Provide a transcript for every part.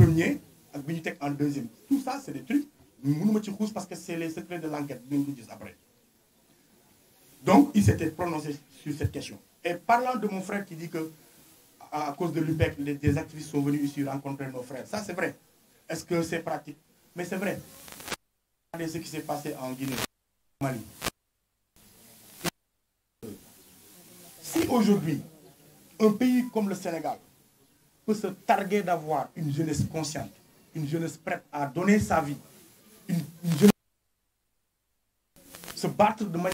premier ak ñu teg en deuxième tout ça c'est des trucs mënuma ci parce que c'est les secrets de l'enquête dinañ ko gis après donc il s'était prononcé sur cette question et parlant de mon frère qui dit que à cause de l'UPEC des activistes sont venus ici rencontrer nos frères ça c'est vrai est-ce que c'est pratique mais c'est vrai regardez ce qui s'est passé en Guinée au Mali si aujourd'hui comme le Sénégal peut se targuer d'avoir une jeunesse consciente, une jeunesse prête à donner sa vie, une, une de manière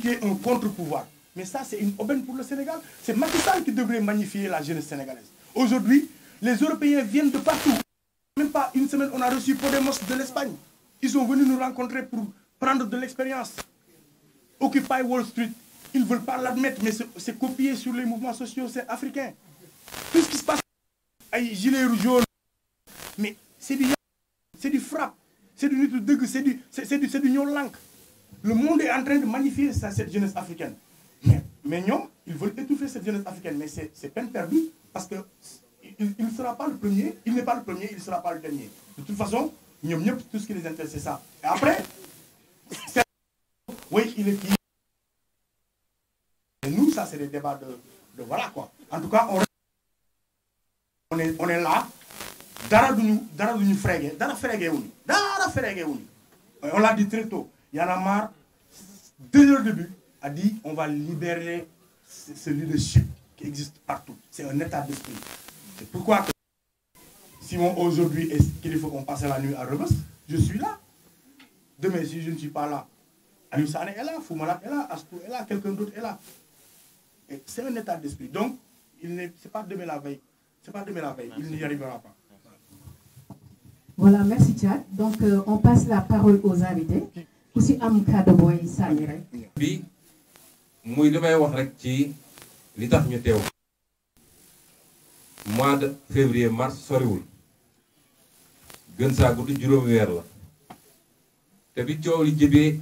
qui est un contre-pouvoir. Mais ça, c'est une aubaine pour le Sénégal. C'est Macky Sall qui devrait magnifier la jeunesse sénégalaise. Aujourd'hui, les Européens viennent de partout. Même pas une semaine, on a reçu Podemos de l'Espagne. Ils sont venus nous rencontrer pour prendre de l'expérience. Occupy Wall Street, ils ne veulent pas l'admettre, mais c'est copié sur les mouvements sociaux africains. Tout ce qui se passe, les gilets jaunes, mais c'est du c'est du frappe, c'est du Nutudug, c'est du, c'est du, du Lank. Le monde est en train de magnifier ça, cette jeunesse africaine. Mais, mais non, ils veulent étouffer cette jeunesse africaine, mais c'est peine perdue parce que il ne sera pas le premier, il n'est pas le premier, il sera pas le dernier. De toute façon, tout ce qui les intéresse, c'est des débats de, de, voilà quoi. En tout cas, on, est, là. Dara duñu dara duñu frégé dara frégé wuñu dara l'a dit très tôt Y dit on va libérer ce leadership qui existe partout c'est un état d'esprit c'est pourquoi que Simon aujourd'hui est qu'il faut qu'on passe la nuit à Rebeuss je suis là demain si je ne suis pas là Aliou Sané est là là Astou est là quelqu'un d'autre est là Et c'est Donc, ce n'est pas demain la veille. C'est pas euh, on passe la parole aux invités. ku am kàddu booy sànni rek. bi muy li wax rek ci li tax ñu teew. mois de février mars soriwul. gën saa gudd juróom weer la. te bi coow li jibee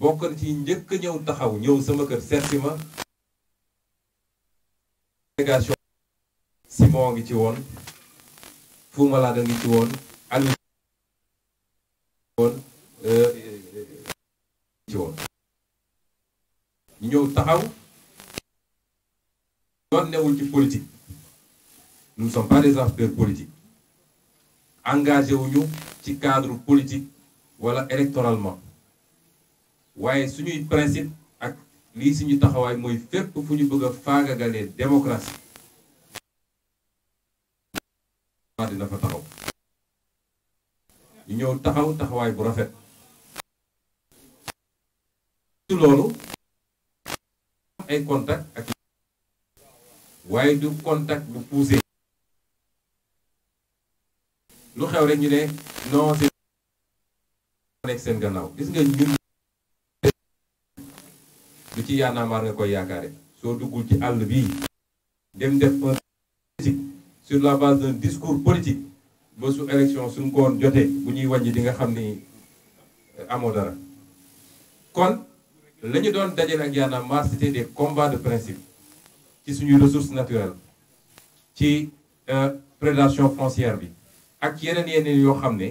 bokk ci njëkk ñëw taxaw ñëw sama kër seet si ma délégation Simon ngi ci woon Fou Malade ngi ci woon Aliou woon euh, ci woon ñëw taxaw yoon newul ci politique nous ne sommes pas des acteurs engagé wuñu ci cadre politique wala électoralement waaye suñuy principe lii suñu taxawaay mooy fépp fu ñu bëgg a faagagalee démocratie dina fa taxaw ñu ñëw taxaw taxawaay bu rafet ci loolu ay contact ak waaye du contact bu poussé lu xew rek ñu ne non c'est nekk seen gannaaw gis nga ñun ci yaanaamaar nga koy yaakaare soo duggul ci àll bi dem def un politique sur la base d'un politique ba su élection suñ koon jotee bu ñuy wàññi di nga xam ni euh, amoo dara kon la ñu doon dajale ak yaanaamaar c'était des combats de principe ci suñu ressources naturelles ci euh, prédation foncière bi ak yeneen yeneen yoo xam ne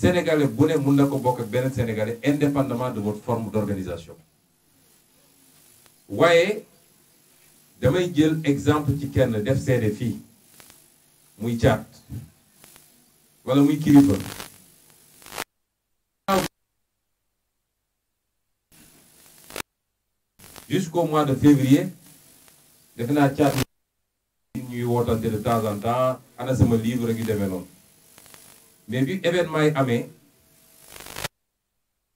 sénégalais bu ne mun na ko bokk ak beneen sénégalais indépendamment de votre forme d'organisation waaye damay jël exemple ci kenn def seede fii muy caat wala muy kilifa jusqu'au mois de février def naa caat ñuy wootante de temps en temps ana sama livre gi demee noonu mais bi événement yi amee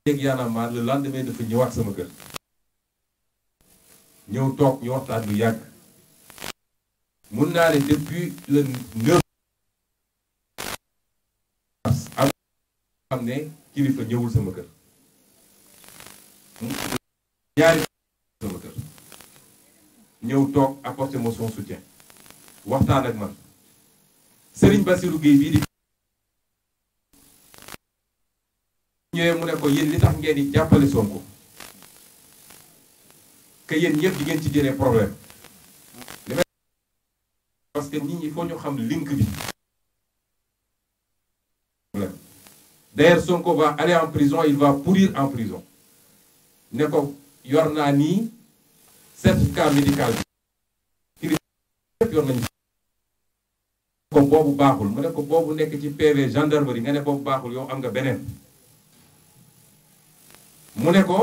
léegi yaanaam le lendemain dafa ñëwaat sama kër ñëw toog ñu waxtaan bu yàgg mun naa ne depuis le neuf am ne kilifa ñëwul sama kër ñaari sama kër ñëw toog apporter ma son soutien waxtaan ak man Serigne Bassirou Gueye bii di ñëwee mu ne ko yéen li tax ngeen yi jàppale soom ko que yéen ñëpp ngeen ci génnee problème li may que nit ñi foo ñu xam link bi d'ailleurs Sonko va aller en prison il va pourrir en prison ne ko yor naa nii certificat médical bi yor nañ ko boobu baaxul mu ne ko boobu nekk ci PV gendarmerie nga ne bu baaxul yow am nga beneen mu ne ko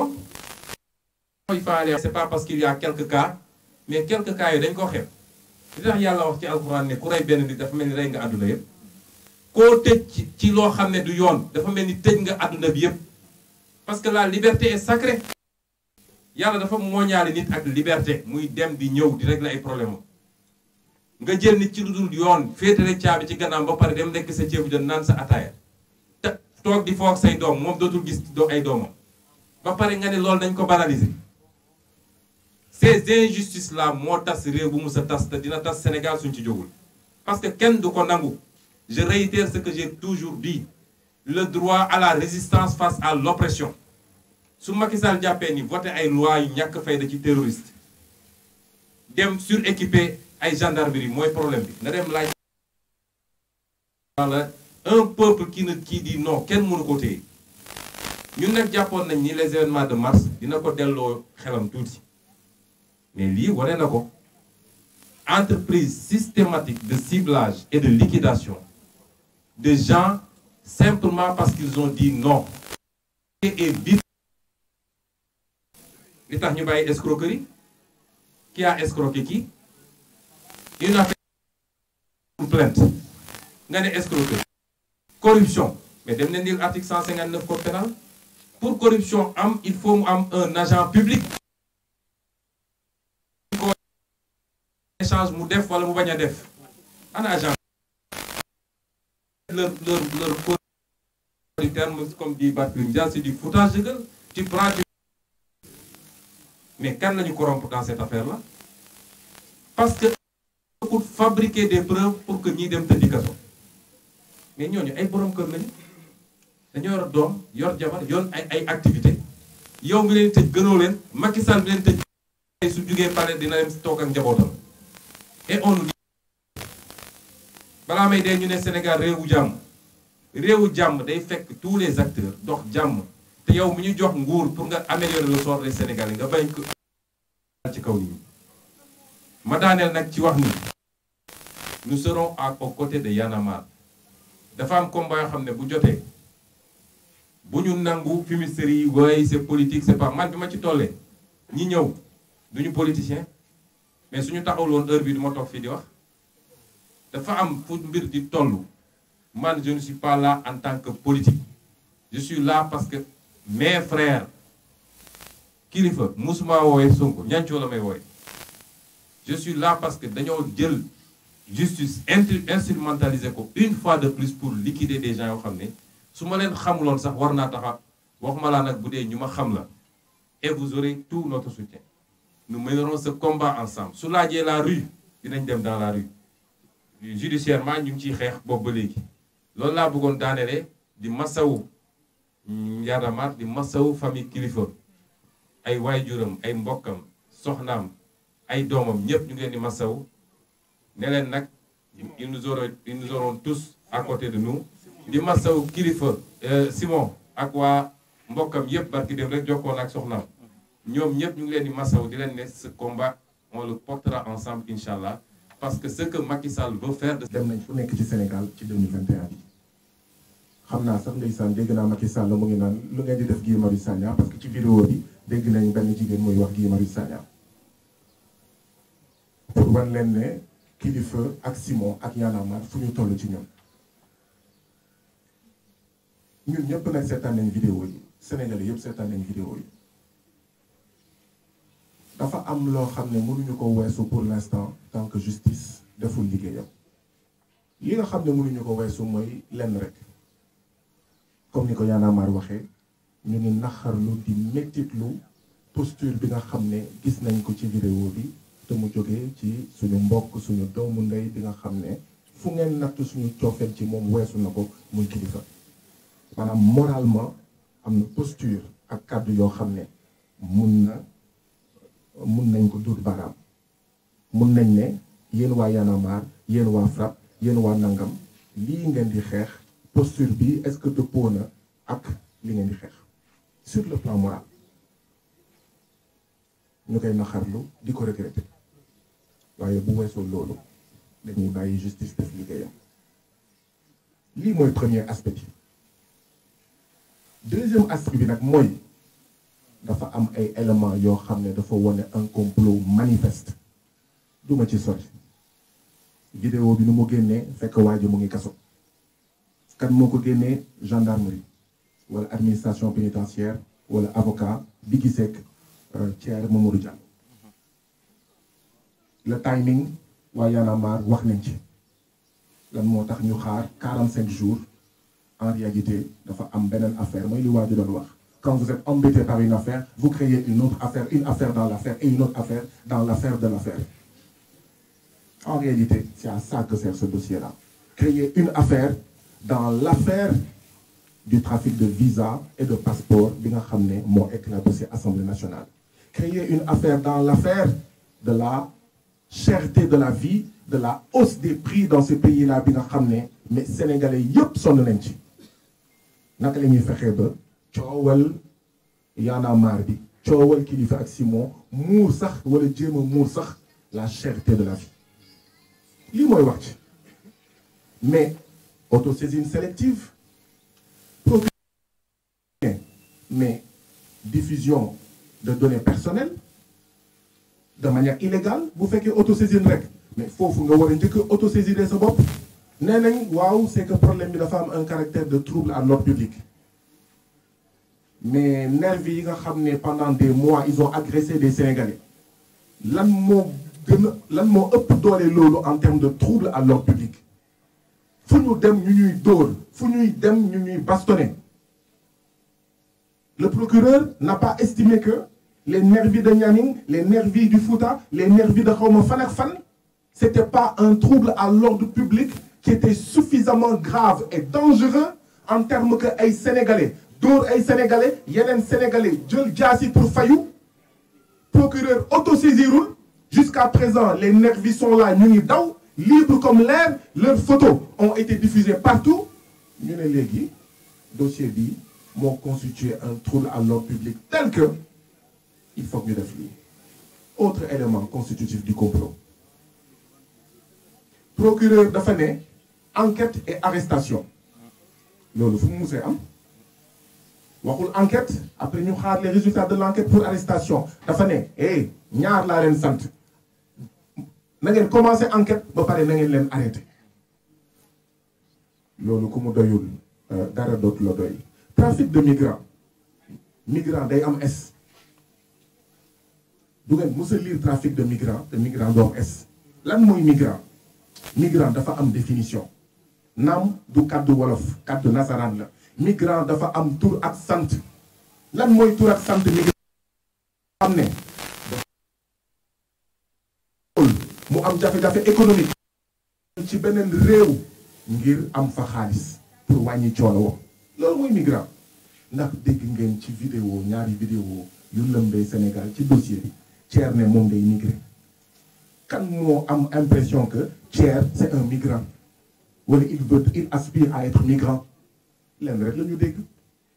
c'est pas parce qu'il y a mais quelques cas yi dañ koo xeeb li tax yàlla wax ci alxuraan ne ku rey benn nit dafa mel ni rey nga àdduna yëpp koo tëj ci loo xam ne du yoon dafa mel ni tëj nga àdduna bi yëpp parce que la liberté est yàlla dafa mooñaale nit ak liberté muy dem di ñëw di régler ay problème nga jël nit ci lu dul yoon féetale caabi ci gannaaw ba pare dem lekk sa ceebu jën naan sa ataaya te toog di foog say doom moom dootul gis doo ay doomam ba pare nga ne loolu dañ ko banaliser ces injustices là moo tas réew bu mu sa tas te dina tas Sénégal suñ ci jógul parce que kenn du ko nangu je réitère ce que j'ai toujours dit le droit à la résistance face à l'oppression su Macky Sall jàppee ni voté ay loi yu ñàkk fayda ci terroriste dem sur suréquipé ay gendarmerie mooy problème bi na dem laaj la un peuple qui ne qui dit non kenn mënu ko téye ñun nag jàppoon nañ ni les événements de mars dina ko delloo xelam tuuti mais lii wane na ko entreprise systématique de ciblage et de liquidation de gens simplement parce qu'ils ont dit non et vite li tax ñu bàyyi escroquerie qui a escroqué qui une affaire plainte nga ne escroquerie corruption mais dem na ni article 159 code pénal pour corruption am il faut mu am un agent public échange mu def wala mu bañ a def ana agent leur leur leur du terme comme dit Barthélémy Dias c'est du foutage mais kan lañu corrompre dans cette affaire là parce que pour fabriquer des preuves pour que ñiy dem tëddi kaso mais ñooñu ay borom kër lañu dañoo yor doom yor jabar yoon ay ay activité yow ngi leen tëj gënoo leen Macky Sall mi leen tëj su jugee pare dina dem toog ak njabootam et on nous balaa may dee ñu ne Sénégal réewu jàmm réewu jàmm day fekk tous les acteurs dox jàmm te yow mu ñu jox nguur pour nga améliorer le sort des ci kaw nii ma daaneel nag ci wax ni nous serons à côté de Y'en a marre dafa am combat yoo xam ne bu jotee bu ñu nangu fumisterie yi waaye c'est politique c'est pas man bi ma ci tollee ñi ñëw duñu politicien mais suñu taxawul woon heure bi du ma toog fii di wax dafa am fu mbir di toll man je ne pas là en tant que politique je suis là parce que mes frères kilifa musuma wooye Sonko ñancoo la may wooye je suis là parce que dañoo jël justice instrumentaliser ko une fois de plus pour liquider des gens yoo xam ne su ma leen xamuloon sax war naa taxa wax ma laa nag bu dee ñu ma xam la et vous aurez tout notre soutien nous mènerons ce combat ensemble su laajee la rue dinañ dem dans la rue maa ñu ngi ciy xeex boobu ba léegi loolu laa bëggoon daanelee di masawu njaaramaar di masawu famille kilifa ay waajuram ay mbokkam soxnaam ay doomam ñëpp ñu ngi leen di masawu ne leen nag ils nous auront ils nous auront tous à côté de nous di masawu kilifa euh, Simon ak waa mbokkam yëpp barki dem rek jokkoon ak soxnaam ñoom ñëpp ñu ngi leen di masaw di leen ne ce combat on le portera ensemble incha allah parce que ce que Macky Sall veut de dem nañ fu nekk ci Sénégal ci 2021 bi xam naa sax ndeysaan dégg naa Macky Sall mu ngi naan lu ngeen di def Guy Marius Sagna parce que ci vidéo yi dégg nañ benn jigéen muy wax Guy Marius Sagna. pour leen ne kilifa ak Simon ak Y'en a marre fu ñu toll ci ñoom ñun ñëpp nag seetaan nañ vidéo yi Sénégalais yëpp seetaan nañ vidéo dafa am loo xam ne mënuñu ko weesu pour l'instant tant que justice deful liggéeyam yi nga xam ne mënuñu ko weesu mooy lenn rek comme ni ko Y'en a marre waxee ñu ngi naxarlu di mettitlu posture bi nga xam ne gis nañ ko ci vidéo bi te mu jógee ci suñu mbokk suñu doomu ndey bi nga xam ne fu ngeen natt suñu coofeel ci moom weesu na ko muy kilifa maanaam moralement am na posture ak kàddu yoo xam ne mun na mun nañ ko duut baaraam mun nañ ne yéen waa Y'en a waa FRAPP yéen waa nangam lii ngeen di xeex posture bi est-ce que dëppoo na ak li ngeen di xeex sur le plan moral ñu koy naxarlu di ko regretter waaye bu weesoo loolu dañuy bàyyi justice def liggéeyam lii mooy premier aspect bi deuxième aspect bi nag mooy dafa am ay éléments yoo xam ne dafa wane un complot manifeste du ma ci sori vidéo bi nu mu génnee fekk waa mu ngi kaso kat moo ko génnee gendarmerie wala administration pénitentiaire wala avocat bi giseek euh, Thierry Mamadou Diallo le timing waa Y'en wax nañ ci lan moo tax ñu xaar quarante cinq jours en réalité dafa am beneen affaire mooy lu waa ji doon wax Quand vous êtes embêté par une affaire, vous créez une autre affaire, une affaire dans l'affaire et une autre affaire dans l'affaire de En réalité, c'est à ça que sert ce dossier-là. Créer une affaire dans l'affaire du trafic de visa et de passeport bi nga xam ne moo éclaté ci Assemblée nationale. Créer une affaire dans l'affaire de la cherté de la vie de la hausse des prix dans ce pays-là bi nga xam ne mais sénégalais yëpp sonn nañ ci naka la ñuy fexee coowal yaana maar bi coowal kilifa ak Simon muur sax wala jéem muur sax la cherté de la vie lii mooy wax ci mais autosaisine sélective mais diffusion de données personnelles de manière illégale bu fekkee autosaisine rek mais foofu nga war a njëkk autosaisine sa bopp nee nañ waaw c'est que problème bi dafa am un caractère de trouble à l'ordre public mais nervi yi nga xam ne pendant des mois ils ont agressé des Sénégalais lan moo gën a lan moo ëpp doole loolu en termes de trouble à l'ordre public fu ñu dem ñu ñuy dóor fu ñuy dem ñu ñuy le procureur n'a pas estimé que les nervis de Nianing les nervis du Fouta les nervis de xawma fan ak fan c'était pas un trouble à l'ordre public qui était suffisamment grave et dangereux en termes que ay Sénégalais dóor ay sénégalais yeneen sénégalais jël jaasi pour fayu procureur autosaisirul jusqu'à présent les nervis sont là ñu ngi daw libres comme l'air leurs photos ont été diffusées partout ñu ne léegi dossier bi moo constitué un trouble à l'ordre public tel que il faut que ñu def lii autre élément constitutif du complot procureur dafa ne enquête et arrestation loolu fu mu am waxul enquête après ñu xaar les résultats de l' enquête pour arrestation dafa ne eh ñaar laa leen sant na ngeen commencé enquête ba pare na leen arrêté loolu ku mu doyul euh, dara dootu la doy trafic de migrants migrant day am S du ngeen mës a lire trafic de migrants te migrant doo am S lan mooy migrant migrant dafa am définition naam du kàddu wolof kàddu nasaraan la migrant dafa am tour ak sant lan mooy tur ak sant migrant am ne mu am jafe-jafe économique ci beneen réew ngir am fa xaalis pour wàññi coono wo loolu mooy migrant ndax dégg ngeen ci vidéo ñaari vidéo yu lëmbee Sénégal ci dossier bi Thier ne moom day migré kan moo am impression que Thier c'est un migrant wala il veut il aspire à être migrant lenn rek la dégg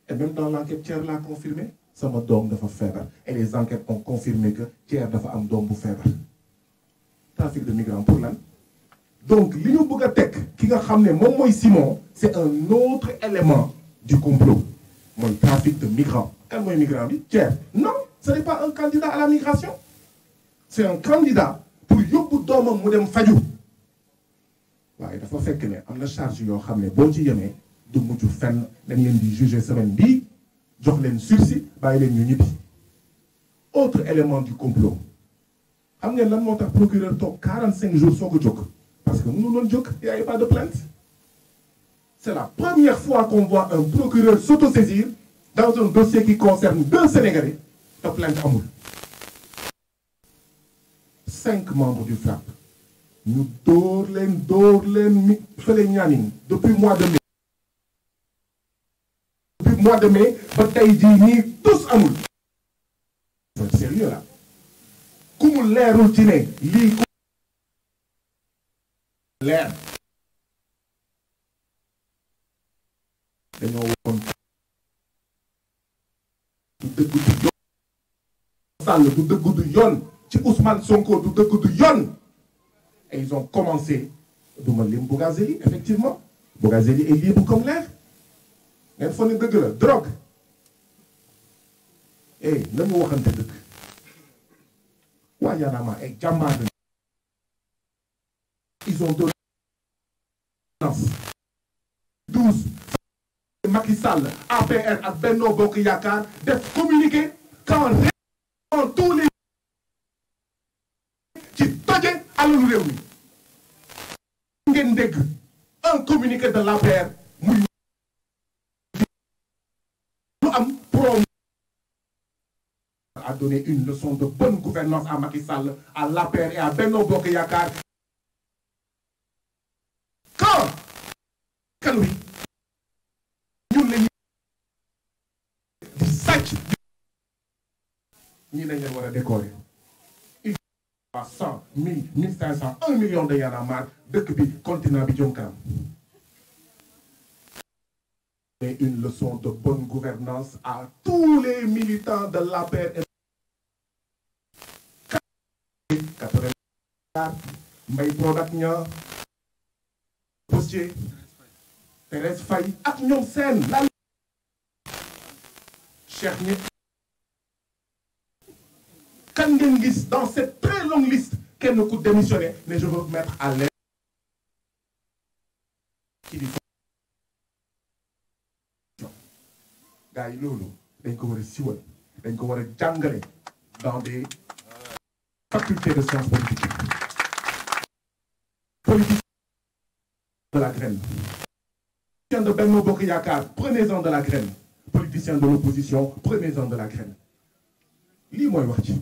et même dans l' enquête Thier l'a confirmé sama doom dafa feebar et les enquêtes ont confirmé que Thier dafa am doom bu feebar trafic de migrants pour lan donc li ñu bëgg a teg ki nga xam ne moom mooy Simon c' est un autre élément du complot mooy trafic de migrants kan mooy migrant bi Thier non ce n'est pas un candidat à la migration c' est un candidat pour yóbbu doomam mu dem faju waaye dafa fekk ne am na charge yoo xam ne boo ci yemee du mujj fenn dañ leen di juger semaine bii jox leen sursis bàyyi leen ñu ñibbi autre élément du complot xam ngeen lan moo tax procureur toog cinq jours soo ko jóg parce que mënu loon jóg y a pas de plainte c'est la première fois qu'on voit un procureur s'autosaisir dans un dossier qui concerne deux Sénégalais te plainte amul cinq membres du FRAPP ñu dóor leen dóor leen mi fële depuis mois de mai mois de mai ba tey jii tous amul. c'est sérieux là ku mu leerul ci ne lii ku leer dañoo waxoon du dëgg du yoon Sall du dëgg du yoon ci Ousmane Sonko du dëgg du yoon et ils ont commencé du ma lim Bougazelli effectivement Bougazelli est libre comme l'air ngeen foog ne dëgg la drogue eh na mu waxante dëgg waa Yanama ay jàmbaar lañu. ils ont donné douze. Macky Sall APR ak Benno Bokk Yaakaar def communiqué quand réunion tous les ci toje alalu réew mi ngeen un communiqué de l'APR muy a donné une leçon de bonne gouvernance à Macky Sall, à l'APR et à Benno Bokeyakar. Quand Kaloui, nous les nous les décorer. Il faut 100, 1000, 1500, 1 million de Yanamar, de Kubi, continent Bidjonkan. une leçon de bonne gouvernance à tous les militants de la Mbaye Brod ak ña Postier Thérèse Faye ak ñoom seen lan Cheikh ñi kan ngeen gis dans cette très longue liste kenn ku démissionné mais je veux à l'aise ci di gars yi loolu dañ ko war a dañ ko war jàngale dans des facultés de sciences politiques politique de la graine. Politiciens de Benno Bokk Yakaar prenez-en de la graine politiciens de l'opposition prenez-en de la graine lii mooy wax ci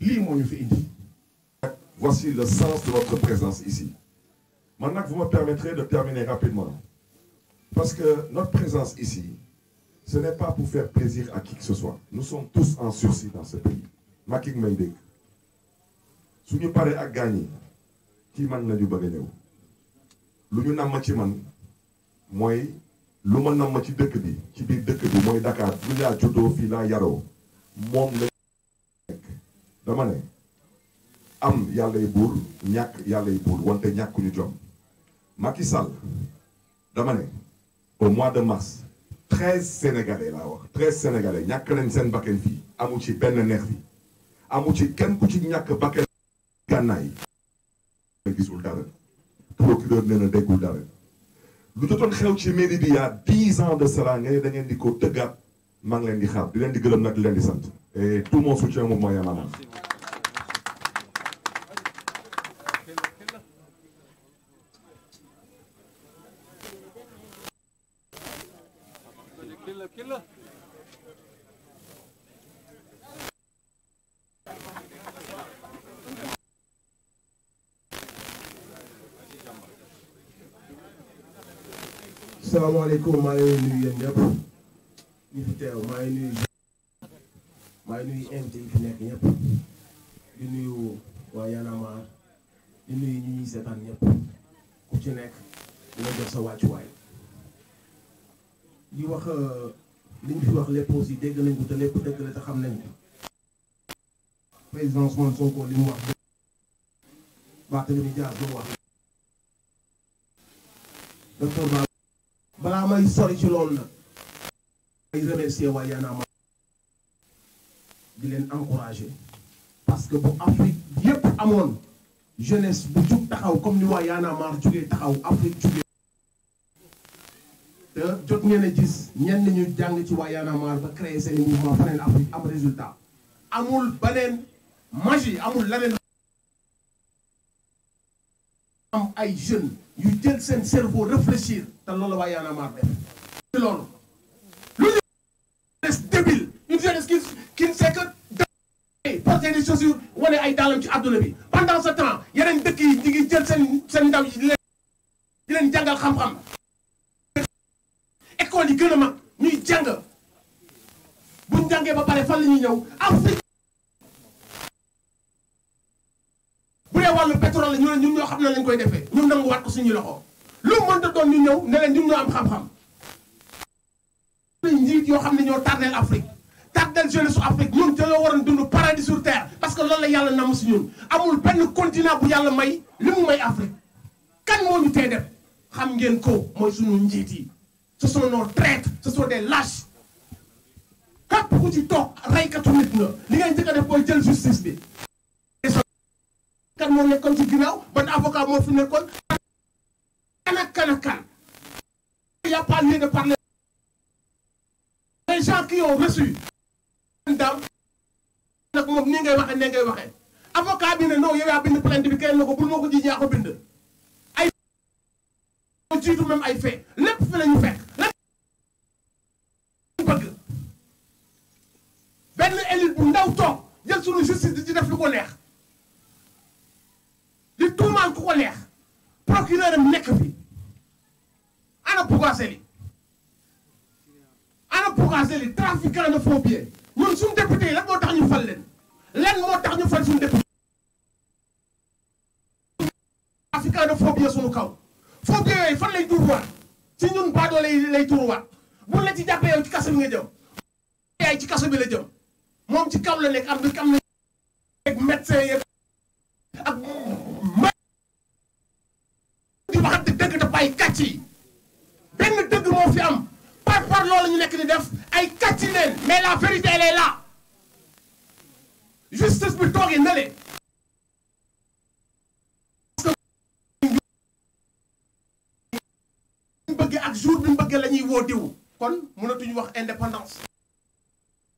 lii moo ñu fi indi. voici le sens de notre présence ici. Maintenant que vous me permettrez de terminer rapidement. Parce que notre présence ici, ce n'est pas pour faire plaisir à qui que ce soit. Nous sommes tous en sursis dans ce pays. Macky Mbengue. Suñu paree ak gaañi. ci man la ñu bëgg ñëw lu ñu namm ci man mooy lu ma namm ci dëkk bi ci biir dëkk bi mooy Dakar fii laa juddoo fii laa yaroo moom la nekk dama ne am yàllay buur ñàkk yàllay buur wante ñàkkuñu jom Macky Sall dama ne au mois de mars treize sénégalais laa wax treize sénégalais ñàkk nañ seen bakkan fii amu ci benn neex bi amu ci kenn ku ci ñàkk bakkan gànnaay gisul dara procureur nee na déggul dara lu jotoon xew ci mairie bi yaa dix ans de cela nga ne da ngeen di ko tëggaat maa ngi leen di xaar di leen di nag di leen di sant et tout mon soutien au mouvement Y a marre salaamaaleykum maa ngi nuyu yéen ñëpp ñu fi teew maa ngi nuyu maa ngi nuyu invité yi fi nekk ñëpp di nuyu waa Y'en di nuyu ñi ñuy seetaan ñëpp ku ci nekk di la jox sa wàccuwaay li wax euh, li ñu fi wax lépp aussi dégg nañ ko te lépp dëgg la te xam nañ ko président Ousmane Sonko li mu wax Barthélémy Dias lu mu wax docteur Ba balaa may sori ci loolu nag remercier waa Y'en di leen encourager parce que bu Afrique yépp amoon jeunesse bu jug taxaw comme ni waa Y'en a marre jugee taxaw Afrique jugee te jot ngeen a gis ñenn ñu jàng ci waa Y'en a marre ba créer seen mouvement Feneen Afrique am résultat amul beneen magie amul leneen am ay jeunes yu jël seen cerveau réfléchir te loolu la waa Y'en a marre def ci loolu lu ñu jeunesse débile une jeunesse qui que porter des chaussures wane ay daalam ci àdduna bi pendant ce temps yeneen dëkk yi ñu ngi jël seen seen ndaw yi di leen di leen jàngal xam-xam école yi gën a mag ñuy jàng buñ jàngee ba pare fan la ñuy ñëw Afrique wàllu pétrole la ñu ñun ñoo xam ne lañ koy defee ñun nangu waat ko suñuy loxo lu mu mënta doon ñu ñëw ne leen ñun ñoo am xam-xam. njiit yoo xam ne ñoo tardeel Afrique tardeel jeunesse su Afrique ñun te loo waroon dund paradis sur terre parce que loolu la yàlla nam si ñun amul benn continent bu yàlla may li mu may Afrique kan moo ñu tee def xam ngeen ko mooy suñu njiit yi ce sont nos traîtres ce sont des lâches képp ko si toog raykatu nit nga li ngay njëkk a def booy jël justice bi. kan moo nekkoon ci ginnaaw ban avocat moo fi nekkoon kan ak kan ak kan y a pas lieu de parler les gens qui daaw moom nii waxee nee waxee avocat bi ne non yaa bind plainte bi kenn na ko bul ma ko ji ñaa ko bind ay jiitu même ay fait lépp fi ñu fekk lépp bëgg ko neex fal ku ko neex procureur am nekk fi ana Bougazelli ana Bougazelli trafiquant de faux billets ñun suñu député moo tax ñu fal leen lan moo tax ñu fal suñu député trafiquant de faux suñu kaw faux billets yooyu fan lay tuuruwaat ci ñun baadoole yi lay tuuruwaat bu la ci jàppee yow ci kaso nga jëm yaay ci kaso la jëm moom ci kaw la nekk am na am na médecin yeeg ak ay kàcc yi benn dëgg moo fi am par par loolu ñu nekk di def ay kàcc leen mais la vérité elle est bi toogee na le parce que bëgg ak jour bi mu la ñuy woo diw kon mënatuñu wax indépendance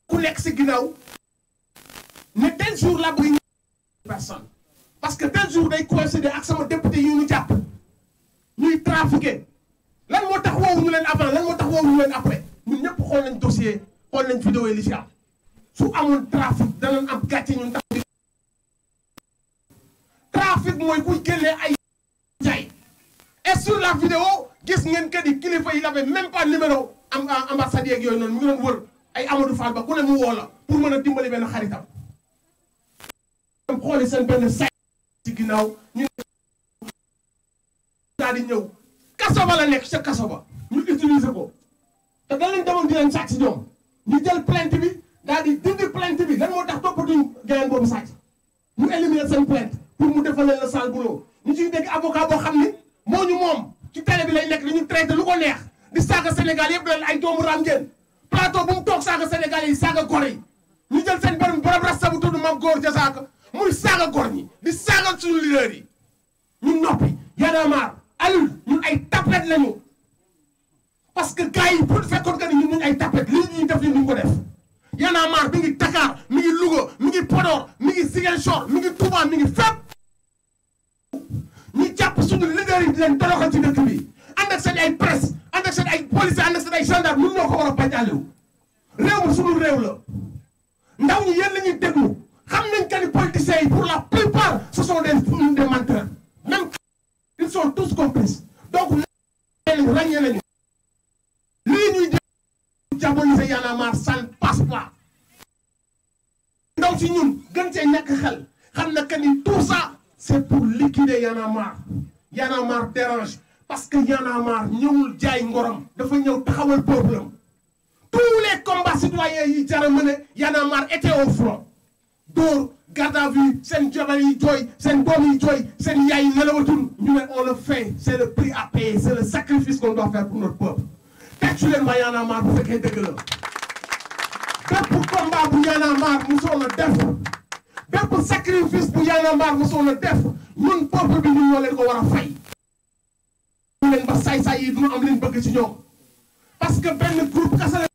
ku nekk ci ginnaaw ne tel jour la bëgg personne parce que tel jour day coïncider ak sama député yi ñu jàpp trafiqué lan moo tax woowu ñu leen avant lan moo tax woowu ñu leen après ñun ñëpp xool nañ dossier xool nañ vidéo yi li ci su amul trafic danañ am gàcce ñun tax trafic mooy ku génnee ay jaay et sur la vidéo gis ngeen que ni kilifa yi la n'avait même pas numéro am ambassade yeeg yooyu noonu mu ngi doon wër ay Amadou Fall ba ku ne mu woo la pour mën a dimbali benn xaritam dem xooli seen benn say ci ginnaaw ñu daal di ñëw kaso ba la nekk ca kaso ba ñu utiliser ko te da leen demoon di leen sàcc ñoom ñu jël plainte bi daal di dindi plainte bi lan moo tax toppatuñ gayeen boobu sàcc mu éliminer seen plainte pour mu defal leen la sale boulot ñu ciy dégg avocat xam ni moo ñu moom ci télé bi lay nekk di ñu traité lu ko neex di saaga Sénégal yëpp doon ay doomu raam ngeen plateau bu mu toog saaga Sénégal yi saaga gor yi ñu jël seen borom borom rasta bu tudd Mame Gor Diazaka muy saaga di saaga Aliou ñun ay tapet lañu parce que gars yi bu fekkoon que ni ñun ñu ay tapet li ñuy def ni ñu ko def Y'en a marre mi ngi Dakar mi ngi Louga mi ngi Podor mi ngi Ziguinchor mi ngi Touba mi ngi fépp ñu jàpp suñu leader yi di leen toroxal ci dëkk bi ànd ak seen ay presse ànd ak seen ay policiers ànd ak seen ay gendarme ñun ñoo ko war a bañ Aliou réew mi suñu réew la ndaw ñi yéen la ñuy déglu xam nañ que ni politiciens yi pour la plupart ce sont des des menteurs ils sont tous complices donc léegi ràññee nañu lii ñuy diaboliser Y'en a marre ça ne passe pas ndaw si ñun gën see ñàkk xel xam na que ni tout ça c'est pour liquider Y'en a marre Y'en dérange parce que Y'en a marre ñëwul jaay ngorom dafa ñëw taxawal problème tous les combats citoyens yi jar a mën a Y'en au front dóor garde à seen jabar yi seen doom yi seen yaay nelawatul ñu ne on le fait c' est prix à payer c' est sacrifice qu'on doit faire pour notre peuple tàccu leen waa Y'en a marre bu fekkee dëgg la bépp combat bu Y'en a marre mosoon a def bépp sacrifice bu Y'en a marre mosoon a def ñun peuple bi ñun ñoo leen ko war a fay saay-saay yi duma am leen bëgg ci ñoom parce que benn groupe kasa leen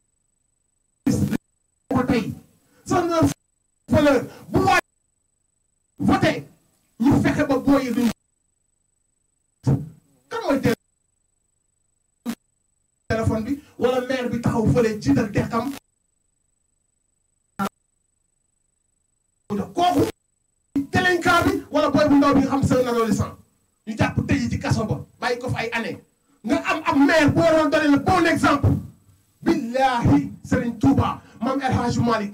valeur bu waay voté ñu fexe ba booy yi duñ kan mooy téléphone bi wala maire bi taxaw fële jiital dexam kooku délinquant bi wala booy bu ndaw bi nga xam c'est un adolescent ñu jàpp tëj ci kaso ba bàyyi ko fa ay année nga am ab maire boo waroon donné bon exemple billaahi Serigne Touba maam El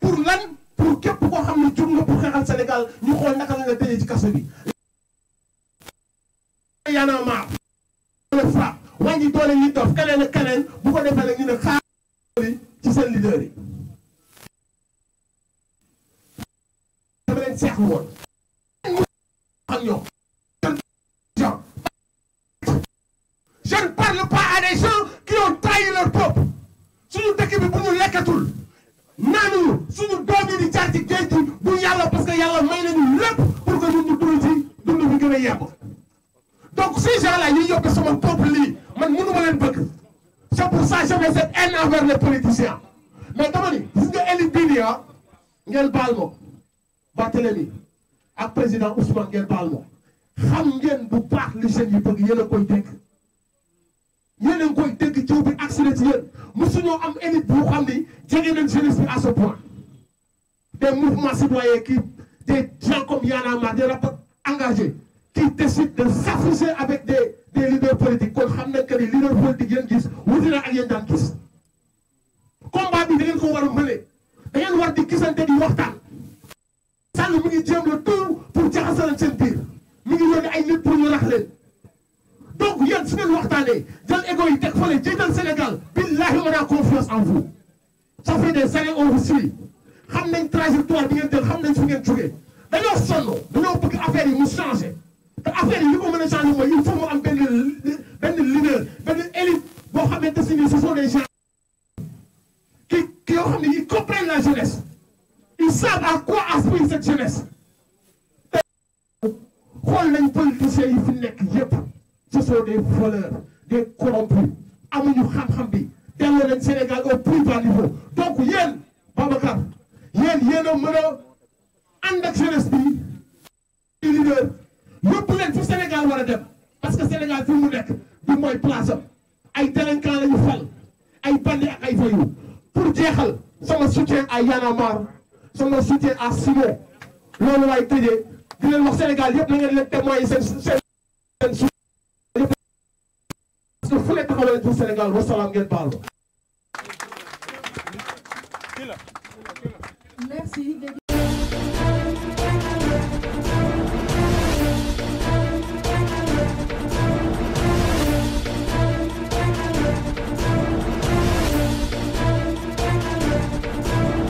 pour lan pour képp koo xam ne jur nga pour xeexal Sénégal ñu xool naka la nga tëjee ci kaso bi. Y'en a marre. doole frappe wàññi doole ñuy keneen bu ko defee rek ñu ne xaar ci seen leader yi. dama leen seexlu woon. ak ñoom. suñu doom yi di jaar géej gi du yàlla parce que yàlla may nañu lépp pour que ñun ñu dund ci dund bi gën a yemb donc ces gens yokk sama peuple lii man mënu ma leen bëgg c'est pour ça j'avais cette haine envers les politiciens mais dama ni bii nii ah ngeen baal ma Barthélémy ak président Ousmane ngeen baal ma xam ngeen bu baax li jeunes yi bëgg yéen a koy dégg yéen a ngi koy dégg jiw bi accéléré ci yéen mosuñoo am élite bu xam ni jege nañ jeunesse bi à ce point. des mouvements citoyens qui, des gens comme Yann Amar, des rapports engagés, qui décident de s'afficher avec des, des leaders politiques. Kon xam na que les leaders politiques gis wuti na ak yéen daan gis. combat bi da ngeen ko war a mëne da ngeen war di gisante di waxtaan. Sall mi ngi jéem le tout pour jaxasalan seen biir mi ngi yónni ay nit pour ñu leen. donc yéen su ngeen waxtaanee jël égo yi teg fële jiital Sénégal billahi on a confiance en vous. ça fait xam nañ trajectoire bi ngeen jël xam nañ fu ngeen jógee dañoo sonn dañoo bëgg affaire yi mu changé te li ko mën a changé mooy il faut mu am benn benn leader benn élite boo xamante si ni ce sont des gens qui qui yoo xam ne ils comprennent la jeunesse ils savent à quoi aspire cette jeunesse. te xool nañ politiciens yi fi nekk yépp ce sont des voleurs des corrompus amuñu xam-xam bi delloo nañ Sénégal au a bas niveau donc yéen Babacar. yéen yéen a mën a ak jeunesse bi di leader yóbbu leen fi Sénégal war dem parce que Sénégal fi mu nekk du mooy place ay délinquant la ñu fal ay bandi ak ay fayu pour jeexal sama soutien à Y'en a marre sama soutien à Simon loolu laay tëjee di leen wax Sénégal yëpp na ngeen leen témoigner seen seen seen soutien yëpp parce que fu nekk taxawalee pour Sénégal baal Merci.